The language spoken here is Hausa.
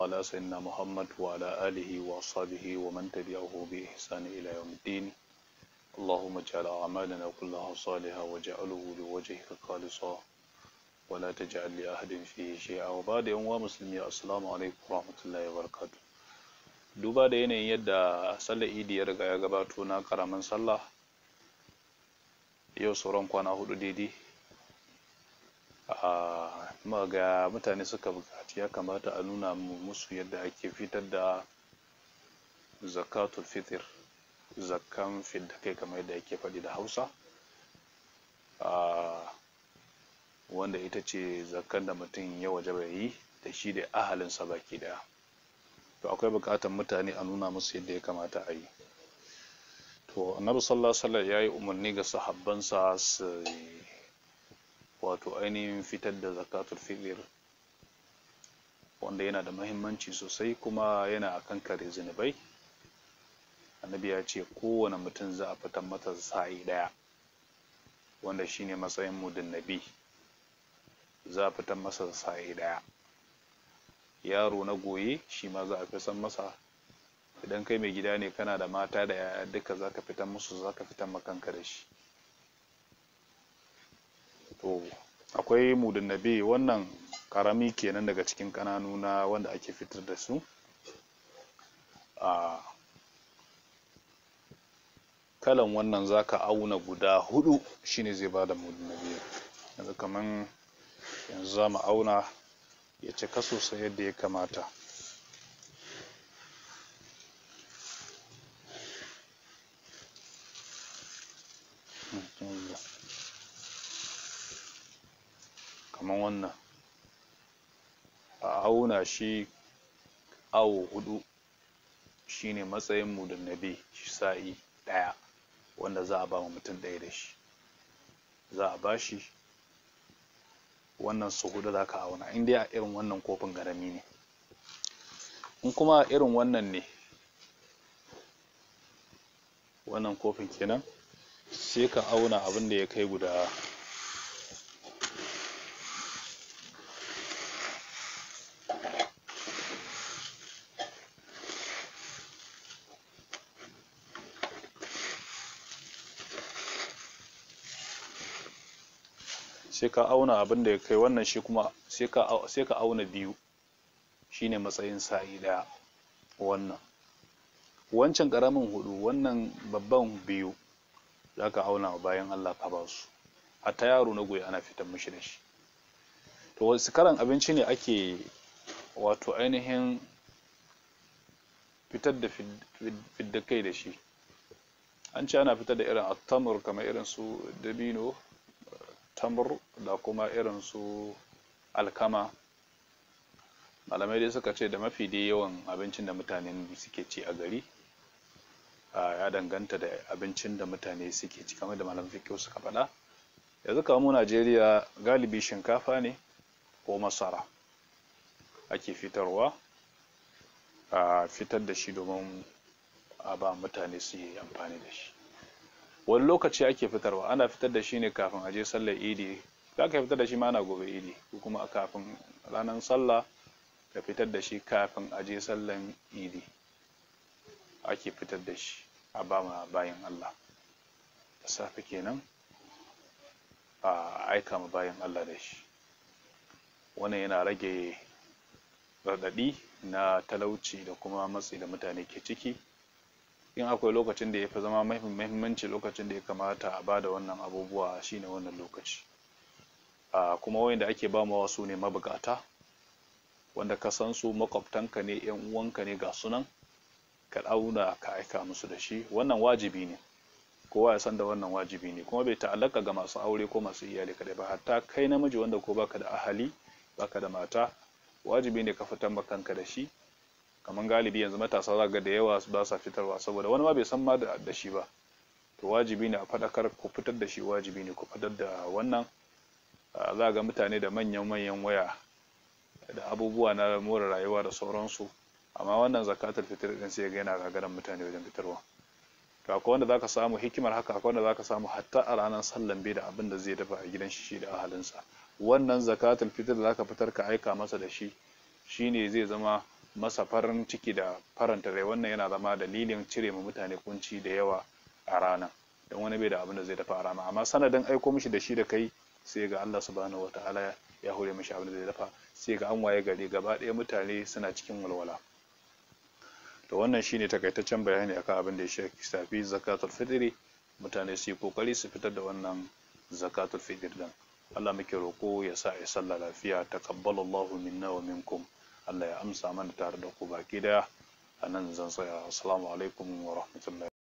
على سيدنا محمد وعلى آله وصحبه ومن تبعه بإحسان إلى يوم الدين اللهم اجعل أعمالنا كلها صالحة وجعله لوجهك خالصا ولا تجعل لأحد فيه شيئا وبعد يوم مسلم السلام عليكم ورحمة الله وبركاته duba da yanayin yadda sallar idi ya riga ya gabato na karamin sallah yau sauran kwana hudu daidai a kuma ga mutane suka bukaci ya kamata a nuna musu yadda ake fitar da zakatul fitr zakkan fidda kai kamar yadda ake faɗi da hausa wanda ita ce zakkan da mutum ya waje ya yi da shi da ahalinsa baki ɗaya to akwai buƙatar mutane a nuna musu yadda ya kamata a yi to annabi sallallahu alaihi wasallam ya yi umarni ga sahabbansa su wato ainihin fitar da zakatul fitr wanda yana da mahimmanci sosai kuma yana kan kare zunubai annabi ya ce kowane mutum za a fitar mata sa'i daya wanda shine matsayin mudin nabi za a fitar masa sa'i daya yaro na goye shi ma za a fi san masa idan kai mai gida ne kana da mata da yaya duka za ka fitar musu za ka fitar makanka da shi akwai mudannabe wannan karami kenan daga cikin kananu na wanda ake fitar da su a kalan wannan zaka auna guda hudu shine zai bada mudunnabe yanzu kaman yanzu za mu auna ya cika sosai yadda ya kamata hmm, kaman wannan a auna shi awo hudu shine matsayin da nabi sa'i ɗaya wanda za a ba wa mutum ɗaya da shi za a ba shi wannan su hudu za ka auna in dai a irin wannan kofin garami ne in kuma a irin wannan ne wannan kofin kenan sai ka auna abin da ya kai guda sai ka auna abin da ya kai wannan shi kuma sai ka auna biyu shine matsayin sa'i daya wannan wancan karamin hudu wannan babban biyu za ka auna bayan Allah ka ba su ta yaro na goyi ana fitan mashi da shi to wasu karan abinci ne ake wato ainihin fitar da fidda kai da shi an ce ana fitar da irin attamur kamar irin su dabino tamr da kuma irin su alkama malamai dai suka ce da mafi dai yawan abincin da mutane suke ci a gari ya danganta da abincin da mutane suke ci kamar da malam fikiyo suka faɗa yanzu kawo najeriya galibi shinkafa ne ko masara ake fitarwa a fitar da shi domin a ba mutane su yi amfani da shi wani lokaci ake fitarwa ana fitar da shi ne kafin a sallar idi za ka fitar da shi ma ana gobe idi ko kuma kafin ranar sallah ka fitar da shi kafin a sallar idi ake fitar da shi a ba ma bayan Allah da safe kenan a aika ma bayan Allah da shi wannan yana rage raɗaɗi na talauci da kuma matsi da mutane ke ciki in akwai lokacin da ya fi zama mahimmanci lokacin da ya kamata a bada wannan abubuwa shine wannan lokaci a kuma wayanda ake ba mawa su ne mabukata wanda ka san su makwabtanka ne yan uwanka ne ga sunan ka ɗauna ka aika musu da shi wannan wajibi ne kowa ya san da wannan wajibi ne kuma bai ta'allaka ga masu aure ko masu iyali kadai ba hatta kai namiji wanda ko baka da ahali baka da mata wajibi ne ka fitar ma kanka da shi kamar galibi yanzu matasa za ga da yawa ba sa fitarwa saboda wani ma bai san ma da shi ba to wajibi ne a faɗakar ku fitar da shi wajibi ne ku fitar da wannan za ga mutane da manyan manyan waya da abubuwa na more rayuwa da sauransu amma wannan zakatar fitr din sai ga yana gagaran mutane wajen fitarwa to akwai wanda zaka samu hikimar haka akwai wanda zaka samu hatta a ranar sallan bai da abin da zai dafa a gidan shi da ahalinsa wannan zakatar fitar da zaka fitar ka aika masa da shi shine zai zama masa farin ciki da faranta rai wannan yana zama dalilin cire ma mutane kunci da yawa a rana don wani bai da abin da zai dafa a rana amma sanadin aiko mishi da shi da kai sai ga Allah subhanahu wataala ya hore mishi abin da zai dafa sai ga an waye gari gaba ɗaya mutane suna cikin walwala to wannan shine takaitaccen bayani akan abin da ya shafi zakatul fitri mutane su yi kokari su fitar da wannan zakatul fitr din Allah muke roko ya sa ya sallah lafiya taqabbalallahu minna wa minkum Allah ya amsa mana tare da ku baki daya a nan zan tsaya assalamu alaikum wa rahmatullahi